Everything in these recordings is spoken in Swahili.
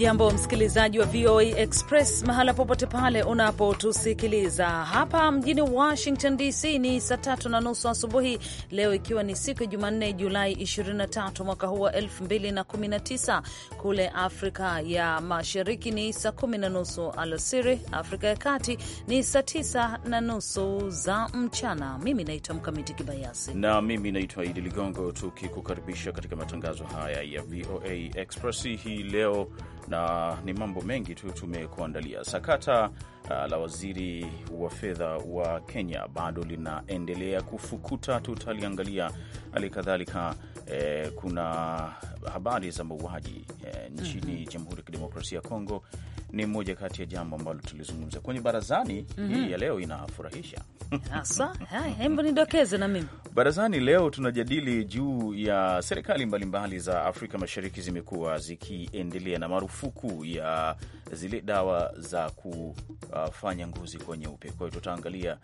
Hujambo msikilizaji wa VOA Express mahala popote pale unapotusikiliza. Hapa mjini Washington DC ni saa tatu na nusu asubuhi leo, ikiwa ni siku ya Jumanne, Julai 23 mwaka huu wa 2019. Kule Afrika ya Mashariki ni saa kumi na nusu alasiri, Afrika ya Kati ni saa tisa na nusu za mchana. Mimi naitwa Mkamiti Kibayasi na mimi naitwa Idi Ligongo, tukikukaribisha katika matangazo haya ya VOA Express hii leo na ni mambo mengi tu tumekuandalia. Sakata uh, la waziri wa fedha wa Kenya bado linaendelea kufukuta, tutaliangalia. Hali kadhalika eh, kuna habari za mauaji eh, nchini mm -hmm. Jamhuri ya Kidemokrasia ya Kongo ni moja kati ya jambo ambalo tulizungumza kwenye barazani mm -hmm. hii ya leo inafurahisha hasa. Hebu nidokeze na mimi barazani. Leo tunajadili juu ya serikali mbalimbali mbali za Afrika Mashariki zimekuwa zikiendelea na marufuku ya zile dawa za kufanya ngozi kwa nyeupe. Kwa hiyo tutaangalia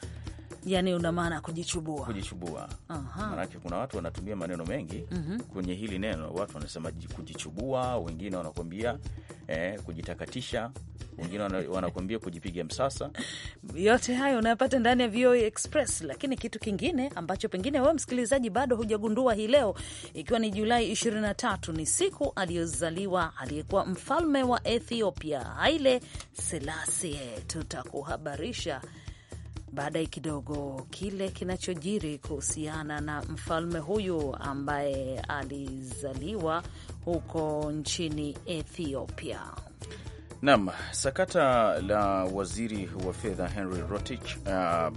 Yani una maana kujichubua, kujichubua. Maanake kuna watu wanatumia maneno mengi mm -hmm. kwenye hili neno, watu wanasema kujichubua, wengine wanakuambia eh, kujitakatisha, wengine wanakuambia kujipiga msasa. Yote hayo unayapata ndani ya VOA e Express. Lakini kitu kingine ambacho pengine wewe msikilizaji bado hujagundua hii leo, ikiwa ni Julai 23 ni siku aliyozaliwa aliyekuwa mfalme wa Ethiopia Haile Selasie. Tutakuhabarisha baadaye kidogo kile kinachojiri kuhusiana na mfalme huyu ambaye alizaliwa huko nchini Ethiopia. Nam, sakata la waziri wa fedha Henry Rotich uh,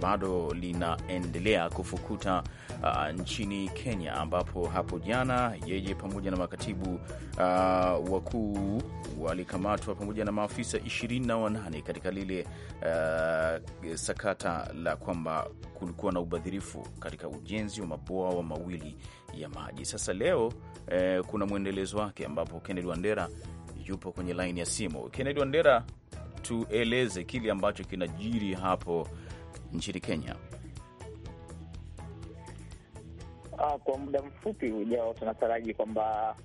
bado linaendelea kufukuta uh, nchini Kenya, ambapo hapo jana yeye pamoja na makatibu uh, wakuu walikamatwa pamoja na maafisa ishirini na wanane katika lile uh, sakata la kwamba kulikuwa na ubadhirifu katika ujenzi wa mabwawa mawili ya maji. Sasa leo eh, kuna mwendelezo wake ambapo Kennedy Wandera yupo kwenye laini ya simu. Kennedy Wandera, tueleze kile ambacho kinajiri hapo nchini Kenya. Uh, kwa muda mfupi ujao tunataraji kwamba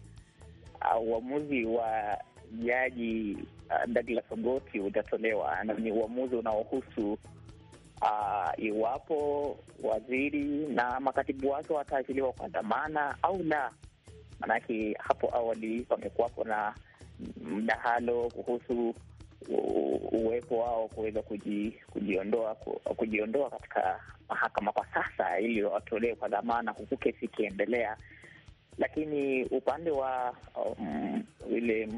ah, uamuzi uh, wa jaji uh, Douglas Ogoti utatolewa na ni uamuzi unaohusu uh, iwapo waziri na makatibu wake wataachiliwa kwa dhamana au la. Maanake hapo awali pamekuwapo na mdahalo kuhusu uwepo wao kuweza kuji, kujiondoa kujiondoa katika mahakama kwa sasa ili watolewe kwa dhamana, huku kesi ikiendelea. Lakini upande wa mm, ile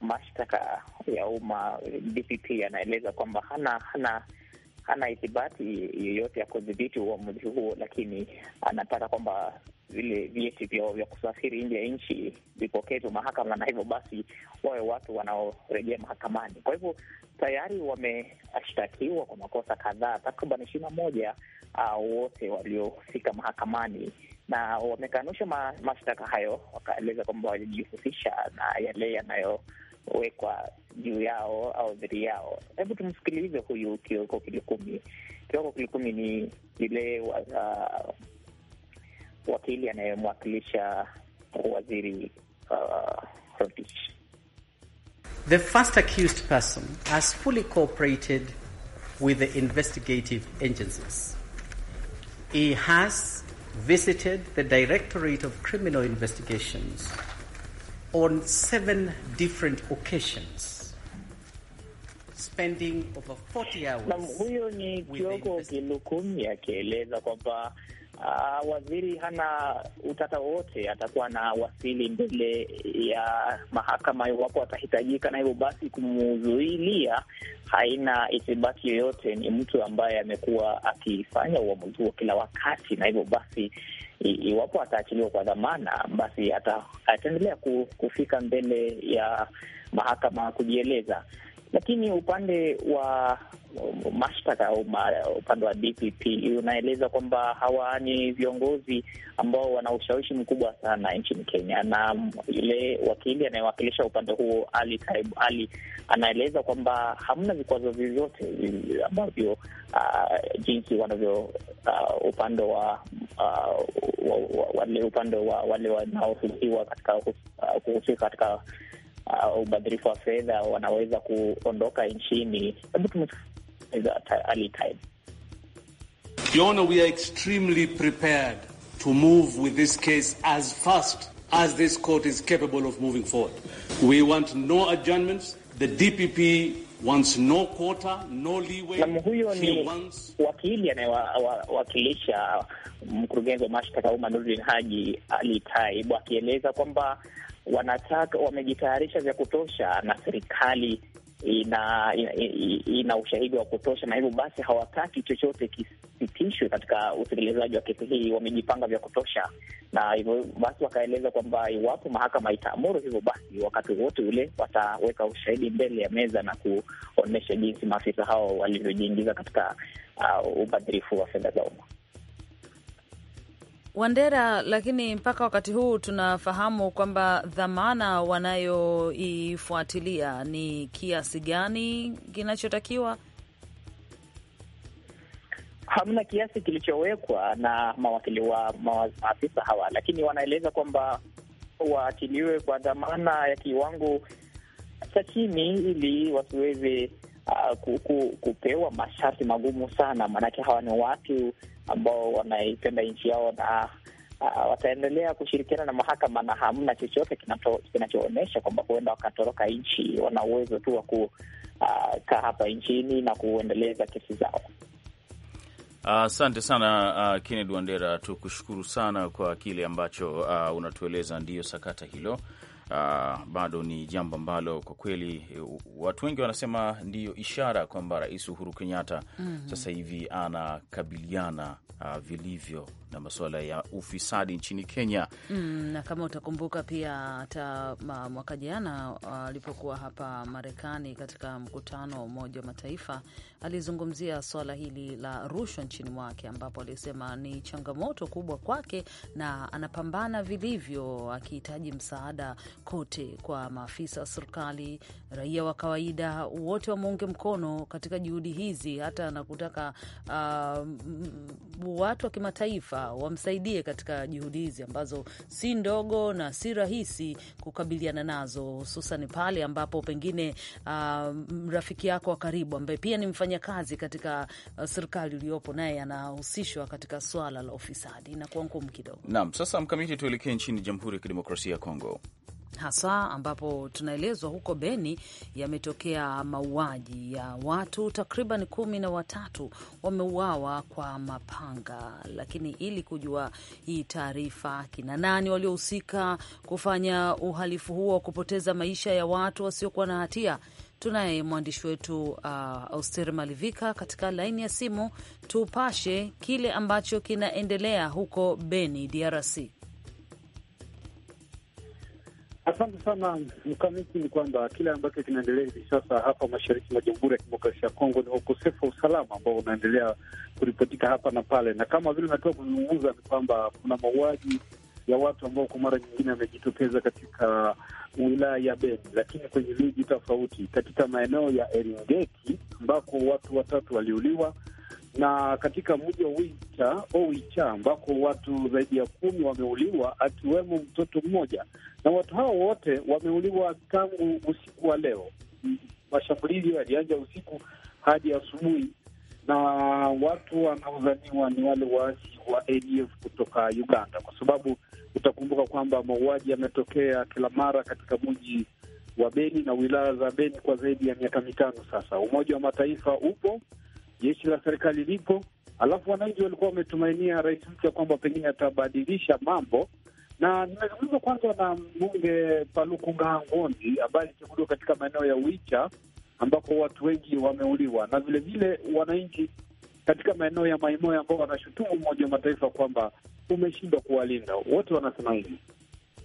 mashtaka ya umma DPP anaeleza kwamba hana hana hana ithibati yoyote ya kudhibiti uamuzi huo, lakini anataka kwamba vile vyeti vya kusafiri nje ya nchi vipokee tu mahakama, na hivyo basi wawe watu wanaorejea mahakamani. Kwa hivyo tayari wameshtakiwa kwa makosa kadhaa takriban ishirini na moja uh, wote waliofika mahakamani na wamekanusha ma, mashtaka hayo, wakaeleza kwamba walijihusisha na yale yanayowekwa juu yao au dhidi yao. Hebu tumsikilize huyu Kioko Kilikumi. Kioko Kilikumi ni yule uh, wakili anayemwakilisha waziri uh, Rotich. The first accused person has fully cooperated with the investigative agencies. He has visited the Directorate of Criminal Investigations on seven different occasions. Spending over 40 hours. Huyo ni Kioko kilukumi akieleza kwamba uh, waziri hana utata wowote, atakuwa na wasili mbele ya mahakama iwapo atahitajika, na hivyo basi kumuzuilia haina ithibati yoyote. Ni mtu ambaye amekuwa akifanya uamuzi huo kila wakati, na hivyo basi iwapo ataachiliwa kwa dhamana, basi ataendelea kufika mbele ya mahakama kujieleza. Lakini upande wa mashtaka au upande wa DPP unaeleza kwamba hawa ni viongozi ambao wana ushawishi mkubwa sana nchini Kenya, na yule wakili anayewakilisha upande huo Ali taibu Ali anaeleza kwamba hamna vikwazo vyovyote ambavyo uh, jinsi wanavyo uh, upande wa uh, wale upande wa wale wanaohusiwa katika uh, kuhusika katika ubadhirifu wa fedha wanaweza kuondoka nchini. Hebu tumesikiliza Ali Taib. Your we are extremely prepared to move with this case as fast as this court is capable of moving forward. We want no adjournments. The DPP wants no quota, no leeway. huyo ni wants... wakili anayewakilisha wa, mkurugenzi wa mashtaka ya umma Nurdin Haji Ali akieleza kwamba wanataka wamejitayarisha vya kutosha, na serikali ina ina, ina ushahidi wa kutosha, na hivyo basi hawataki chochote kisitishwe katika utekelezaji wa kesi hii. Wamejipanga vya kutosha, na hivyo basi wakaeleza kwamba iwapo mahakama itaamuru hivyo, basi wakati wote ule wataweka ushahidi mbele ya meza na kuonyesha jinsi maafisa hao walivyojiingiza katika uh, ubadhirifu wa fedha za umma. Wandera, lakini mpaka wakati huu tunafahamu kwamba dhamana wanayoifuatilia ni kiasi gani kinachotakiwa? Hamna kiasi kilichowekwa na mawakili wa maafisa hawa, lakini wanaeleza kwamba waachiliwe kwa dhamana ya kiwango cha chini ili wasiweze uh, kupewa masharti magumu sana, maanake hawa ni watu ambao wanaipenda nchi yao na Uh, wataendelea kushirikiana na mahakama na hamna chochote kinachoonyesha kwamba huenda wakatoroka nchi. Wana uwezo tu wa kukaa ah, uh, hapa nchini na kuendeleza kesi zao. Asante uh, sana uh, Kennedy Wandera, tukushukuru sana kwa kile ambacho uh, unatueleza, ndiyo sakata hilo uh, bado ni jambo ambalo kwa kweli eh, watu wengi wanasema ndiyo ishara kwamba Rais Uhuru Kenyatta mm -hmm. sasa hivi anakabiliana uh, vilivyo na masuala ya ufisadi nchini Kenya. Mm, na kama utakumbuka pia hata mwaka jana uh, alipokuwa uh, hapa Marekani katika mkutano wa Umoja wa Mataifa alizungumzia swala hili la rushwa nchini mwake, ambapo alisema ni changamoto kubwa kwake na anapambana vilivyo, akihitaji msaada kote kwa maafisa wa serikali, raia wa kawaida, wote wamuunge mkono katika juhudi hizi, hata kutaka uh, watu wa kimataifa taifa wamsaidie katika juhudi hizi ambazo si ndogo na si rahisi kukabiliana nazo, hususan pale ambapo pengine uh, rafiki yako wa karibu ambaye pia ni mfanyakazi katika uh, serikali uliopo naye anahusishwa katika swala la ufisadi na kuwa ngumu kidogo. Naam, sasa mkamiti, tuelekee nchini Jamhuri ya Kidemokrasia ya Kongo hasa ambapo tunaelezwa huko Beni yametokea mauaji ya watu takriban kumi na watatu wameuawa kwa mapanga. Lakini ili kujua hii taarifa, kina nani waliohusika kufanya uhalifu huo wa kupoteza maisha ya watu wasiokuwa na hatia, tunaye mwandishi wetu uh, Auster Malivika katika laini ya simu. Tupashe kile ambacho kinaendelea huko Beni, DRC. Asante sana Mkamiti. Ni kwamba kile ambacho kinaendelea hivi sasa hapa mashariki mwa Jamhuri ya Kidemokrasia ya Kongo ni ukosefu wa usalama ambao unaendelea kuripotika hapa na pale, na kama vile natoka kuzungumza ni kwamba kuna mauaji ya watu ambao kwa mara nyingine wamejitokeza katika wilaya ya Beni, lakini kwenye miji tofauti katika maeneo ya Eringeti ambako watu watatu waliuliwa na katika mji wa Wicha ambako watu zaidi ya kumi wameuliwa akiwemo mtoto mmoja, na watu hao wote wameuliwa tangu usiku wa leo. Mashambulizi yalianza usiku hadi asubuhi, na watu wanaodhaniwa ni wale waasi wa ADF kutoka Uganda, kwa sababu utakumbuka kwamba mauaji yametokea kila mara katika mji wa Beni na wilaya za Beni kwa zaidi ya miaka mitano sasa. Umoja wa Mataifa upo jeshi la serikali lipo, alafu wananchi walikuwa wametumainia rais mpya kwamba pengine atabadilisha mambo. Na nimezungumza kwanza na mbunge Paluku Ngahangoni ambaye alichaguliwa katika maeneo ya Wicha ambako watu wengi wameuliwa na vilevile wananchi katika maeneo ya Maimoi ambao wanashutumu Umoja wa Mataifa kwamba umeshindwa kuwalinda wote, wanasema hivi.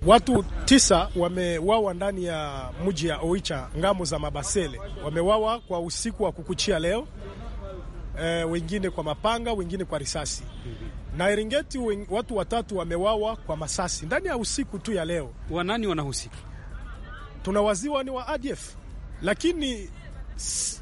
Watu tisa wamewawa ndani ya mji ya Oicha, ngamo za Mabasele, wamewawa kwa usiku wa kukuchia leo, e, wengine kwa mapanga, wengine kwa risasi na Eringeti watu watatu wamewawa kwa masasi ndani ya usiku tu ya leo. Wanani wanahusika? Tunawaziwa ni wa ADF, lakini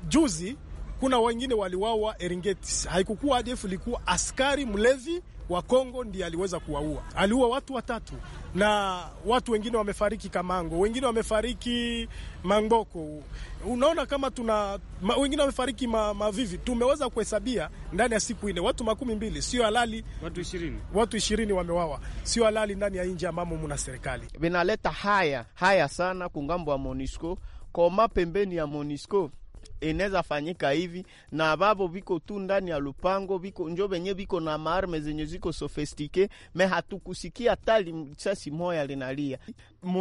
juzi kuna wengine waliwawa Eringeti. Haikukuwa ADF, ilikuwa askari mlevi wa Kongo ndiye aliweza kuwaua. Aliua watu watatu na watu wengine wamefariki Kamango, wengine wamefariki Mangoko. Unaona kama tuna ma, wengine wamefariki ma, Mavivi. Tumeweza kuhesabia ndani ya siku nne watu makumi mbili, sio halali watu ishirini, watu ishirini wamewawa, sio halali ndani ya nji ambamo muna serikali vinaleta haya haya sana kungambo wa Monisco koma pembeni ya Monisco inaweza fanyika hivi na babo biko tu ndani ya lupango biko njo benye biko na maarme zenye ziko sofistike me hatukusikia tali sasi moya linalia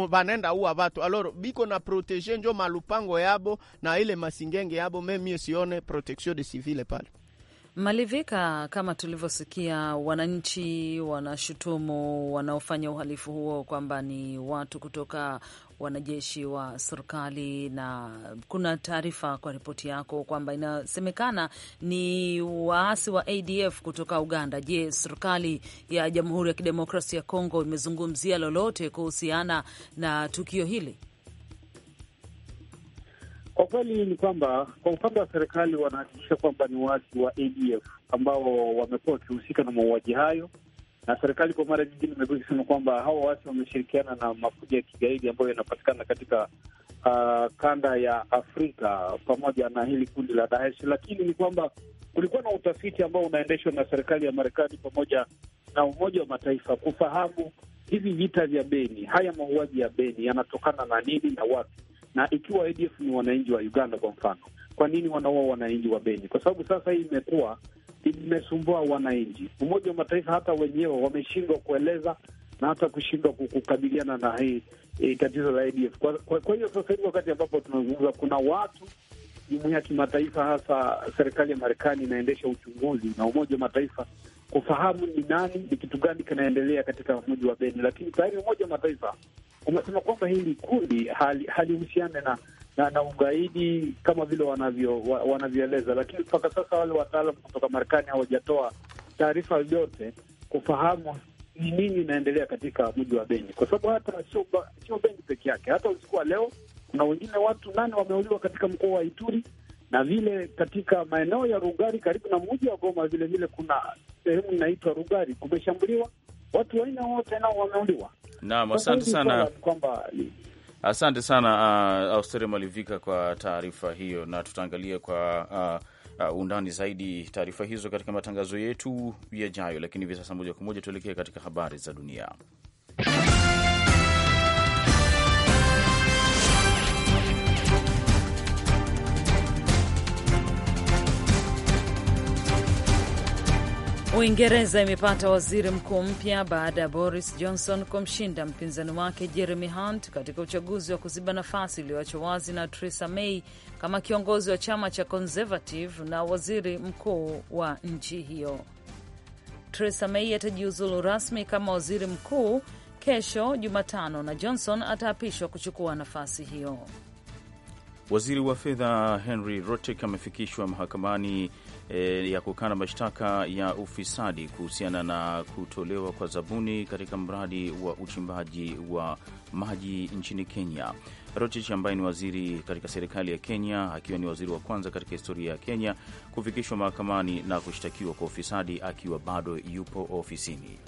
banenda uwa batu aloro biko na protege njo malupango yabo na ile masingenge yabo, me mie sione protection de civile pale Malivika. Kama tulivyosikia, wananchi wanashutumu wanaofanya uhalifu huo kwamba ni watu kutoka wanajeshi wa serikali, na kuna taarifa kwa ripoti yako kwamba inasemekana ni waasi wa ADF kutoka Uganda. Je, serikali ya Jamhuri ya Kidemokrasia ya Kongo imezungumzia lolote kuhusiana na tukio hili? Kwa kweli ni kwamba kwa upande wa serikali wanahakikisha kwamba ni waasi wa ADF ambao wamekuwa wakihusika na mauaji hayo na serikali kwa mara nyingine imekuwa ikisema kwamba hawa watu wameshirikiana na makundi ya kigaidi ambayo yanapatikana katika uh, kanda ya Afrika pamoja na hili kundi la Daesh, lakini ni kwamba kulikuwa na utafiti ambao unaendeshwa na serikali ya Marekani pamoja na Umoja wa Mataifa kufahamu hivi vita vya Beni, haya mauaji ya Beni yanatokana na nini na wapi, na ikiwa ADF ni wananchi wa Uganda kwa mfano, kwa nini wanaua wananchi wa Beni? Kwa sababu sasa hii imekuwa imesumbua wananchi. Umoja wa Mataifa hata wenyewe wameshindwa kueleza na hata kushindwa kukabiliana na hii e, tatizo la ADF. Kwa, kwa, kwa hiyo sasa hivi wakati ambapo tunazungumza, kuna watu jumuia ya kimataifa, hasa serikali ya Marekani inaendesha uchunguzi na Umoja wa Mataifa kufahamu ni nani, ni kitu gani kinaendelea katika mji wa Beni, lakini tayari Umoja wa Mataifa umesema kwamba hili kundi halihusiane hali na na, na ugaidi kama vile wanavyo wanavyoeleza, lakini mpaka sasa wale wataalam kutoka Marekani hawajatoa taarifa yoyote kufahamu ni nini inaendelea katika mji wa Beni, kwa sababu hata sio Beni peke yake. Hata usiku wa leo kuna wengine watu nane wameuliwa katika mkoa wa Ituri na vile katika maeneo ya Rugari karibu na mji wa Goma, vile vile kuna sehemu inaitwa Rugari kumeshambuliwa, watu wanne wote nao wameuliwa. Naam, asante sana kwamba Asante sana uh, Austeri Malivika kwa taarifa hiyo, na tutaangalia kwa uh, uh, undani zaidi taarifa hizo katika matangazo yetu yajayo, lakini hivi sasa moja kwa moja tuelekee katika habari za dunia. Uingereza imepata waziri mkuu mpya baada ya Boris Johnson kumshinda mpinzani wake Jeremy Hunt katika uchaguzi wa kuziba nafasi iliyoachwa wazi na Theresa May kama kiongozi wa chama cha Conservative na waziri mkuu wa nchi hiyo. Theresa May atajiuzulu rasmi kama waziri mkuu kesho Jumatano na Johnson ataapishwa kuchukua nafasi hiyo. Waziri wa fedha Henry Rotich amefikishwa mahakamani eh, ya kukana mashtaka ya ufisadi kuhusiana na kutolewa kwa zabuni katika mradi wa uchimbaji wa maji nchini Kenya. Rotich ambaye ni waziri katika serikali ya Kenya, akiwa ni waziri wa kwanza katika historia ya Kenya kufikishwa mahakamani na kushtakiwa kwa ufisadi akiwa bado yupo ofisini.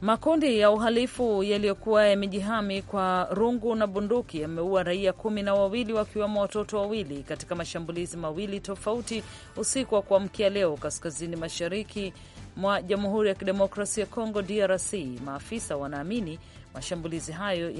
Makundi ya uhalifu yaliyokuwa yamejihami kwa rungu na bunduki yameua raia kumi na wawili wakiwemo watoto wawili katika mashambulizi mawili tofauti usiku wa kuamkia leo kaskazini mashariki mwa Jamhuri ya Kidemokrasia ya Kongo DRC. Maafisa wanaamini mashambulizi hayo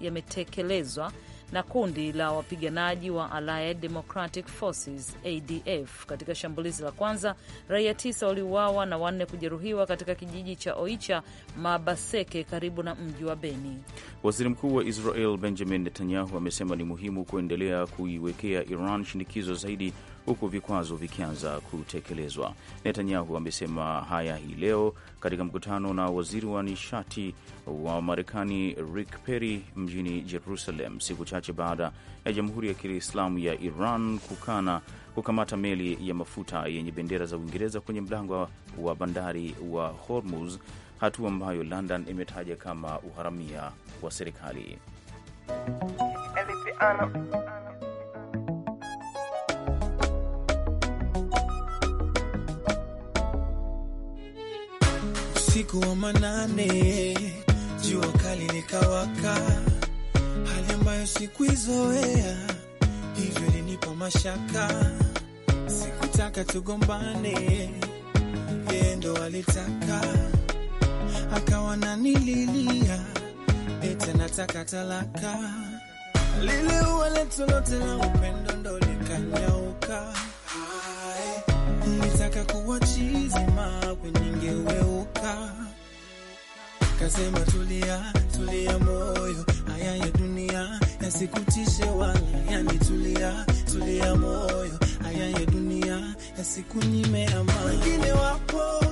yametekelezwa na kundi la wapiganaji wa Allied Democratic Forces ADF. Katika shambulizi la kwanza, raia tisa waliuawa na wanne kujeruhiwa katika kijiji cha Oicha Mabaseke karibu na mji wa Beni. Waziri Mkuu wa Israel Benjamin Netanyahu amesema ni muhimu kuendelea kuiwekea Iran shinikizo zaidi huku vikwazo vikianza kutekelezwa. Netanyahu amesema haya hii leo katika mkutano na waziri wa nishati wa Marekani Rick Perry mjini Jerusalem, siku chache baada ya Jamhuri ya Kiislamu ya Iran kukana kukamata meli ya mafuta yenye bendera za Uingereza kwenye mlango wa bandari wa Hormuz, hatua ambayo London imetaja kama uharamia wa serikali. Usiku wa manane, jua kali likawaka, hali ambayo sikuizoea, hivyo ilinipa mashaka. Sikutaka tugombane, yeye ndo alitaka, akawa na nililia, eti eh, nataka talaka. Lile ua letu lote la upendo ndo likanyauka, nitaka kuwa chizima kwenye ngeweuka kutoka, kasema tulia, tulia moyo, haya ya dunia yasikutishe wala yani, tulia, tulia moyo, haya ya dunia yasikunyime amani. Wengine wapo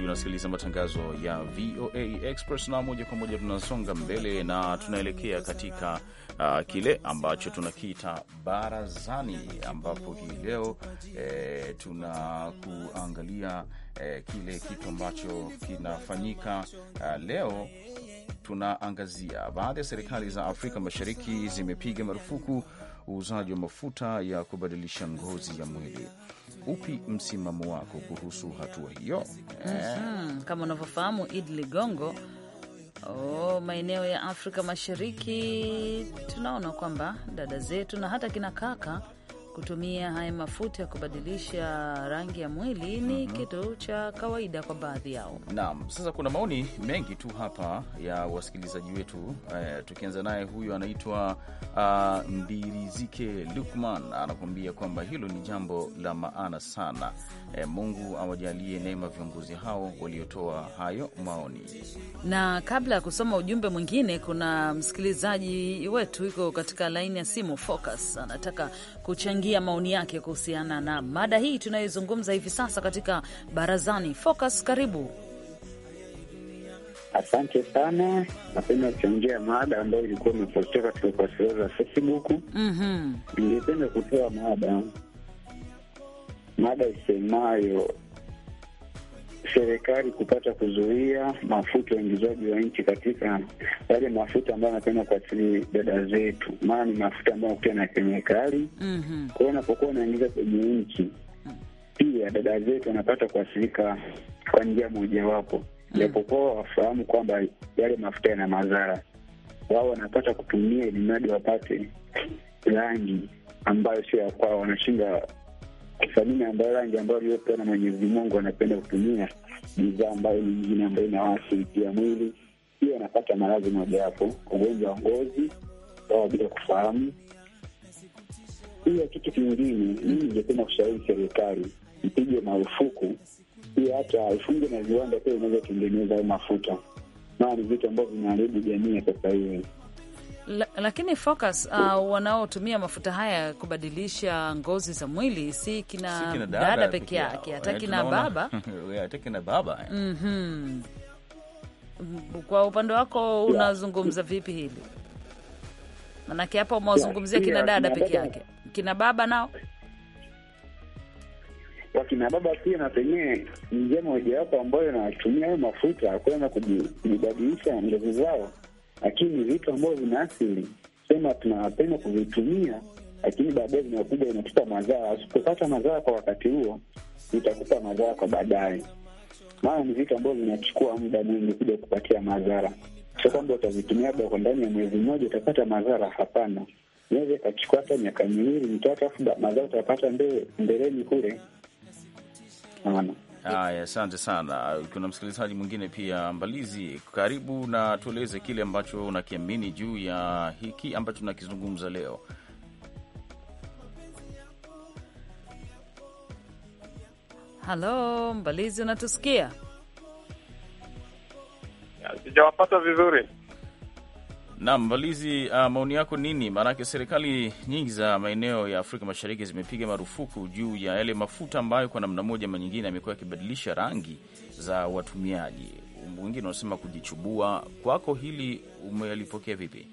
msikilizaji, unasikiliza matangazo ya VOA Express na moja kwa moja tunasonga mbele na tunaelekea katika uh, kile ambacho tunakiita barazani, ambapo hii leo eh, tunakuangalia eh, kile kitu ambacho kinafanyika uh, leo tunaangazia baadhi ya serikali za Afrika Mashariki zimepiga marufuku uuzaji wa mafuta ya kubadilisha ngozi ya mwili upi msimamo wako kuhusu hatua hiyo? Mm-hmm. Kama unavyofahamu Idi Ligongo, oh, maeneo ya Afrika Mashariki tunaona kwamba dada zetu na hata kina kaka Kutumia haya mafuta ya kubadilisha rangi ya mwili ni mm -hmm. kitu cha kawaida kwa baadhi yao. Naam, sasa kuna maoni mengi tu hapa ya wasikilizaji wetu eh, tukianza naye huyu anaitwa uh, ah, Mbirizike Lukman anakuambia kwamba hilo ni jambo la maana sana. Eh, Mungu awajalie neema viongozi hao waliotoa hayo maoni. Na kabla ya kusoma ujumbe mwingine, kuna msikilizaji wetu iko katika laini ya simu Focus anataka kuchangia kuchangia maoni yake kuhusiana na mada hii tunayozungumza hivi sasa katika barazani. Focus, karibu. Asante sana, napenda kuchangia mada ambayo ilikuwa imepostiwa katika ukurasa za Facebook. Mhm. Ningependa kutoa mada mada isemayo serikali kupata kuzuia mafuta uingizaji wa nchi katika yale mafuta ambayo anakwenda kuathiri dada zetu, maana ni mafuta ambayo kuta na kemikali mm -hmm. unapokuwa unaingiza kwenye nchi pia dada zetu wanapata kuathirika kwa njia mojawapo, mm. japokuwa mm. wafahamu kwamba yale mafuta yana madhara, wao wanapata kutumia ili mradi wapate rangi ambayo sio ya kwao, wanashinda sabini ambayo rangi ambayo aliyopewa na Mwenyezi Mungu anapenda kutumia bidhaa ambayo ni nyingine ambayo inawashirikia mwili, hiyo anapata maradhi mojawapo, ugonjwa wa ngozi au bila kufahamu. Pia kitu kingine, mimi ningependa kushauri serikali ipige marufuku pia hata ifunge na viwanda pia inavyotengeneza hayo mafuta, maana ni vitu ambavyo vinaharibu jamii sasa hivi lakini focus uh, wanaotumia mafuta haya kubadilisha ngozi za mwili si kina, si kina dada, dada peke yake hata kina baba hata kina baba Kwa upande wako unazungumza vipi hili? Manake hapa umewazungumzia kina dada peke yake, kina baba nao wakina baba pia na penyewe ni njia mojawapo ambayo inatumia hayo mafuta kwenda kujibadilisha ngozi zao lakini vitu ambavyo vina asili sema tunapenda kuvitumia, lakini baadaye vinakuja vinatupa madhara. Usipopata madhara kwa wakati huo, itakupa madhara kwa baadaye, maana ni vitu ambavyo vinachukua muda mwingi kuja kupatia madhara. Sio kwamba utavitumia labda kwa ndani ya mwezi mmoja utapata madhara, hapana. Naweza ikachukua hata miaka miwili mitatu, afu madhara utapata mbeleni kule, naona Haya, asante sana. Kuna msikilizaji mwingine pia, Mbalizi, karibu na tueleze kile ambacho unakiamini juu ya hiki ambacho tunakizungumza leo. Halo Mbalizi, unatusikia? Sijawapata vizuri. Naam, Mvalizi, uh, ah, maoni yako nini? Maanake serikali nyingi za maeneo ya Afrika Mashariki zimepiga marufuku juu ya yale mafuta ambayo kwa namna moja ama nyingine yamekuwa yakibadilisha rangi za watumiaji, wengine wanasema kujichubua. Kwako hili umelipokea vipi?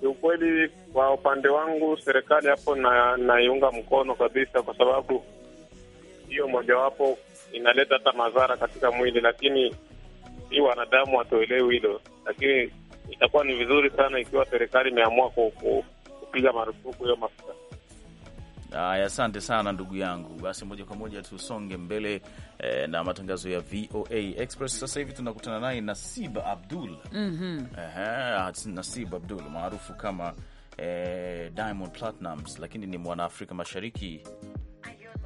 Kiukweli, kwa upande wangu serikali hapo naiunga na mkono kabisa, kwa sababu hiyo mojawapo inaleta hata madhara katika mwili, lakini si wanadamu watuelewi hilo, lakini itakuwa ni vizuri sana ikiwa serikali imeamua kupiga marufuku hiyo mafuta. Haya, asante sana ndugu yangu. Basi moja kwa moja tusonge mbele eh, na matangazo ya VOA Express. Sasa hivi tunakutana naye Nasib Abdul mm -hmm. Nasib Abdul maarufu kama eh, Diamond Platnumz, lakini ni mwanaafrika Mashariki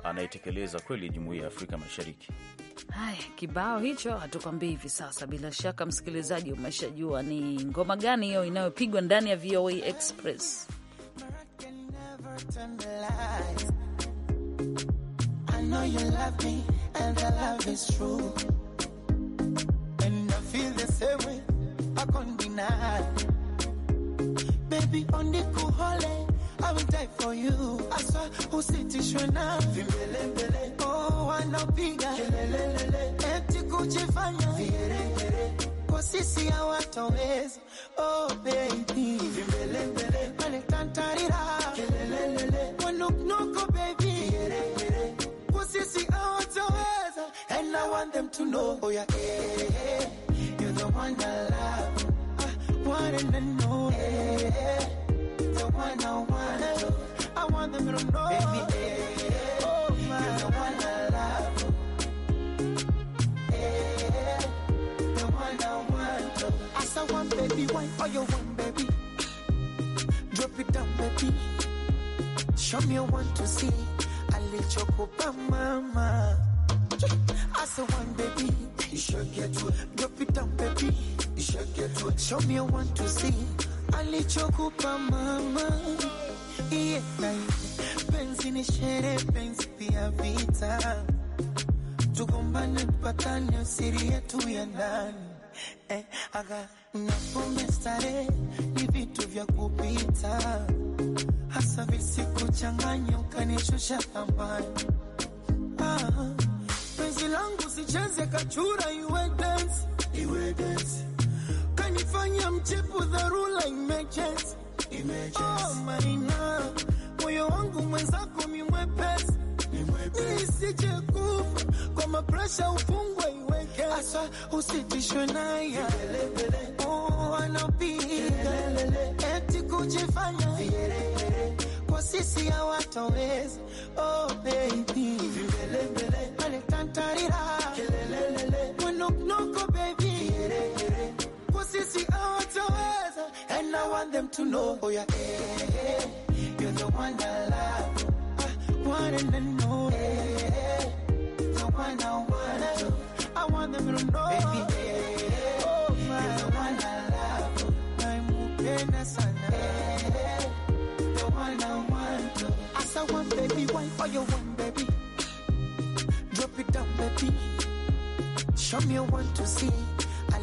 anayetekeleza kweli jumuiya ya Afrika Mashariki. Haya, kibao hicho hatukwambii hivi sasa. Bila shaka, msikilizaji, umeshajua ni ngoma gani hiyo inayopigwa ndani ya VOA Express. Baby, I will die for you. Aswa usitishwe na vimbelembele, oh, wanapiga kelelelele, eti kujifanya vierengere, kwa sisi hawatoweza. Oh baby, vimbelembele wanikantarira kelelelele, baby, kwa sisi hawatoweza. And I want them to know, oh yeah, hey, hey, you're the one I love, I ah, want and only. Hey, hey one I want. Baby, oh You're the one I love. the one I want. I one baby, you baby? Drop it down, baby. Show me one to see. I let you go by mama. I saw one baby. You sure get to Drop it down, baby. You sure get to Show me one to see. alichokupa mama yeah. Penzi ni shere, penzi pia vita, tugombane, patane, siri yetu ya ndani eh, aga napome stare ni vitu vya kupita, hasa visikuchanganya ukanishusha thamani ah, penzi langu sicheze kachura, iwe dance, iwe dance unanifanya mchepo dharula mchepu, dharura imecheza oh, maina, moyo wangu mwenzako mi ni mwepesi, nisije kufa kwa mapresha, ufungwe iweke aswa, usitishwe naye oh, anapiga eti kujifanya kwa sisi hawatoweza. Oh baby, kelele City Autoweza, and I want them to know, oh yeah, hey, eh, eh. hey, you're the one I love, uh, eh, I want them to know, hey, the one I wanna, I want them to know, baby, oh my, you're the one I love, My naimupenda sana, the one I want, as I want, baby, why for your one, baby, drop it down, baby, show me what to see.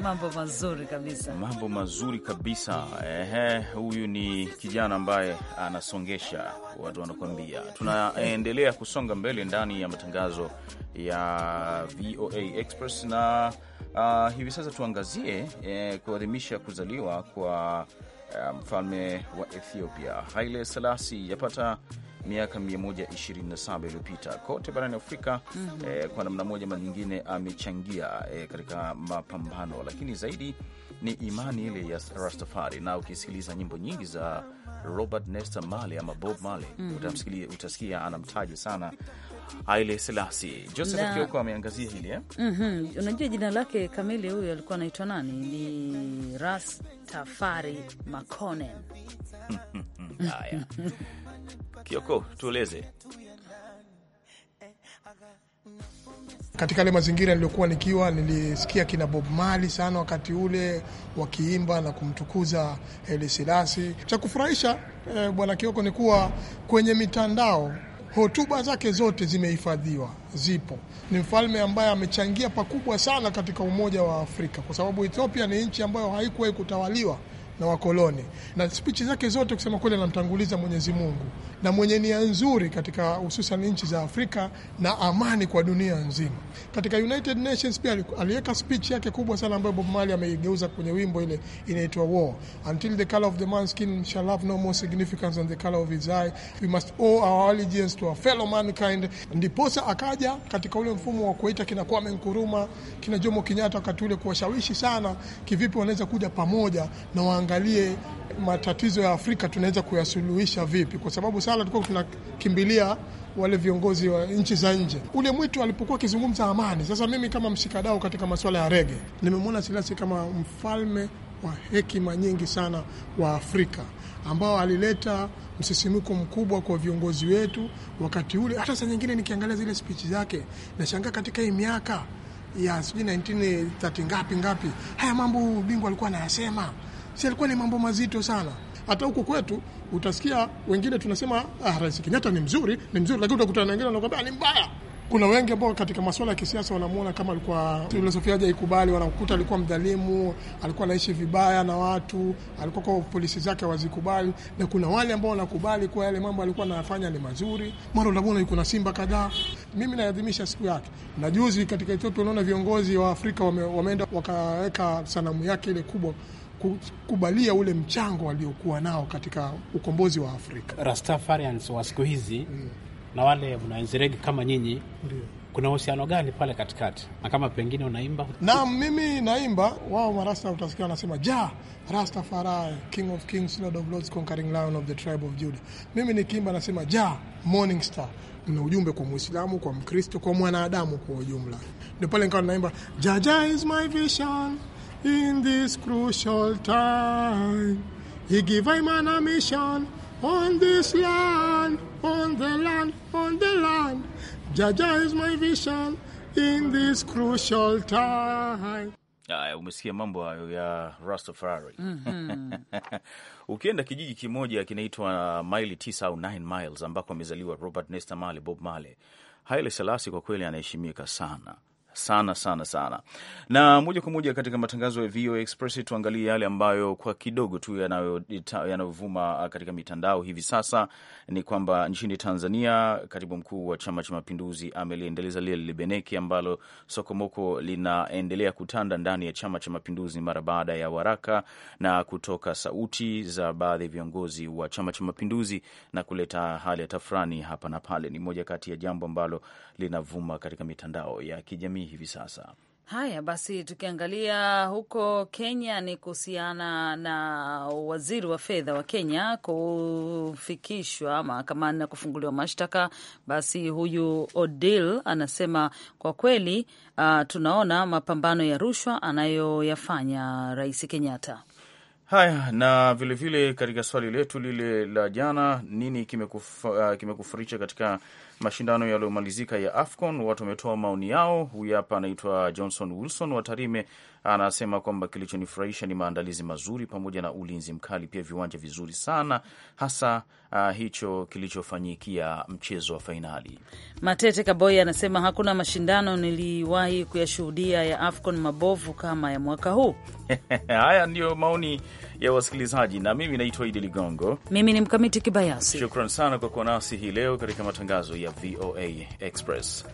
Mambo mazuri kabisa, mambo mazuri kabisa. Ehe, huyu ni kijana ambaye anasongesha watu wanakuambia. Tunaendelea kusonga mbele ndani ya matangazo ya VOA Express na uh, hivi sasa tuangazie eh, kuadhimisha kuzaliwa kwa eh, mfalme um, wa Ethiopia Haile Selassie yapata miaka 127 iliyopita kote barani Afrika. mm -hmm. Eh, kwa namna moja ama nyingine amechangia eh, katika mapambano, lakini zaidi ni imani ile ya Rastafari, na ukisikiliza nyimbo nyingi za Robert Nesta Marley ama Bob Marley mm -hmm. utasikia anamtaja sana Haile Selassie. Joseph Kioko ameangazia hili eh? mm -hmm. Unajua jina lake kamili huyo alikuwa anaitwa nani? Ni Rastafari Makonnen. Haya Kioko, tueleze katika yale mazingira niliyokuwa nikiwa, nilisikia kina Bob Marley sana wakati ule wakiimba na kumtukuza Haile Selassie. Cha kufurahisha eh, bwana Kioko, ni kuwa kwenye mitandao hotuba zake zote zimehifadhiwa, zipo. Ni mfalme ambaye amechangia pakubwa sana katika umoja wa Afrika, kwa sababu Ethiopia ni nchi ambayo haikuwahi kutawaliwa na wakoloni, na spichi zake zote kusema kweli anamtanguliza Mwenyezi Mungu na mwenye nia nzuri katika hususan nchi za Afrika na amani kwa dunia nzima. Katika United Nations pia aliweka speech yake kubwa sana ambayo Bob Marley ameigeuza kwenye wimbo ile inaitwa War. Until the color of the man's skin shall have no more significance than the color of his eye, we must owe our allegiance to our fellow mankind. Ndiposa akaja katika ule mfumo wa kuita kina Kwame Nkuruma, kina Jomo Kenyatta wakati ule kuwashawishi sana kivipi wanaweza kuja pamoja na tuangalie matatizo ya Afrika tunaweza kuyasuluhisha vipi, kwa sababu sala tulikuwa tunakimbilia wale viongozi wa nchi za nje. Ule mwitu alipokuwa akizungumza amani. Sasa mimi kama mshikadau katika masuala ya rege, nimemwona Silasi kama mfalme wa hekima nyingi sana wa Afrika ambao alileta msisimko mkubwa kwa viongozi wetu wakati ule. Hata saa nyingine nikiangalia zile spichi zake nashangaa, katika hii miaka ya sijui 1930 ngapi ngapi, haya mambo bingwa alikuwa anayasema si alikuwa ni mambo mazito sana. Hata huku kwetu utasikia wengine tunasema ah, Rais Kenyatta ni mzuri, ni mzuri, lakini utakutana na wengine wanakuambia ni mbaya. Kuna wengi ambao katika masuala ya kisiasa wanamuona kama alikuwa filosofia haja ikubali, wanakuta alikuwa mdhalimu, alikuwa anaishi vibaya na watu, alikuwa kwa polisi zake wazikubali, na kuna wale ambao wanakubali kwa yale mambo alikuwa anayafanya ni mazuri. Mara unamwona yuko na simba kadhaa. Mimi naadhimisha siku yake, na juzi katika Ethiopia unaona viongozi wa Afrika wame, wameenda wakaweka sanamu yake ile kubwa kukubalia ule mchango waliokuwa nao katika ukombozi wa Afrika. Rastafarians wa siku hizi mm. na wale wanazeregi kama nyinyi Ndiyo. Kuna uhusiano gani pale katikati? Na kama pengine unaimba naam, mimi naimba, wao marasta utasikia wanasema ja Rastafari, King of Kings, Lord of Lords, Conquering Lion of the Tribe of Judah. Mimi nikiimba nasema ja Morning Star, na ujumbe kwa Muislamu, kwa Mkristo, kwa mwanadamu kwa ujumla. Ndio pale nikawa naimba jaja is my vision in this crucial time. He gave a man a mission on this land, on the land, on the land. Jaja is my vision in this crucial time. Aya, umesikia mambo hayo ya Rastafari. mm -hmm. Ukienda kijiji kimoja kinaitwa maili tisa au 9 miles ambako amezaliwa Robert Nesta Marley, Bob Marley. Haile Selassie kwa kweli anaheshimika sana sana sana sana. Na moja kwa moja katika matangazo ya VOA Express tuangalie yale ambayo kwa kidogo tu yanayovuma uh, katika mitandao hivi sasa. Ni kwamba nchini Tanzania, katibu mkuu wa Chama cha Mapinduzi ameliendeleza lile libeneki ambalo sokomoko linaendelea kutanda ndani ya Chama cha Mapinduzi mara baada ya waraka na kutoka sauti za baadhi ya viongozi wa Chama cha Mapinduzi na kuleta hali ya tafurani hapa na pale. Ni moja kati ya jambo ambalo linavuma katika mitandao ya kijamii hivi sasa. Haya basi, tukiangalia huko Kenya ni kuhusiana na waziri wa fedha wa Kenya kufikishwa mahakamani na kufunguliwa mashtaka. Basi huyu Odil anasema kwa kweli, uh, tunaona mapambano ya rushwa anayoyafanya Rais Kenyatta. Haya, na vilevile katika swali letu lile la jana, nini uh, kimekufurisha katika mashindano yaliyomalizika ya AFCON, watu wametoa maoni yao. Huyu hapa anaitwa Johnson Wilson wa Tarime, anasema kwamba kilichonifurahisha ni maandalizi mazuri pamoja na ulinzi mkali, pia viwanja vizuri sana, hasa uh, hicho kilichofanyikia mchezo wa fainali. Matete Kaboy anasema hakuna mashindano niliwahi kuyashuhudia ya AFCON mabovu kama ya mwaka huu. Haya ndiyo maoni ya wasikilizaji, na mimi naitwa Idi Ligongo. Mimi ni Mkamiti Kibayasi. Shukran sana kwa kuwa nasi hii leo katika matangazo ya VOA Express.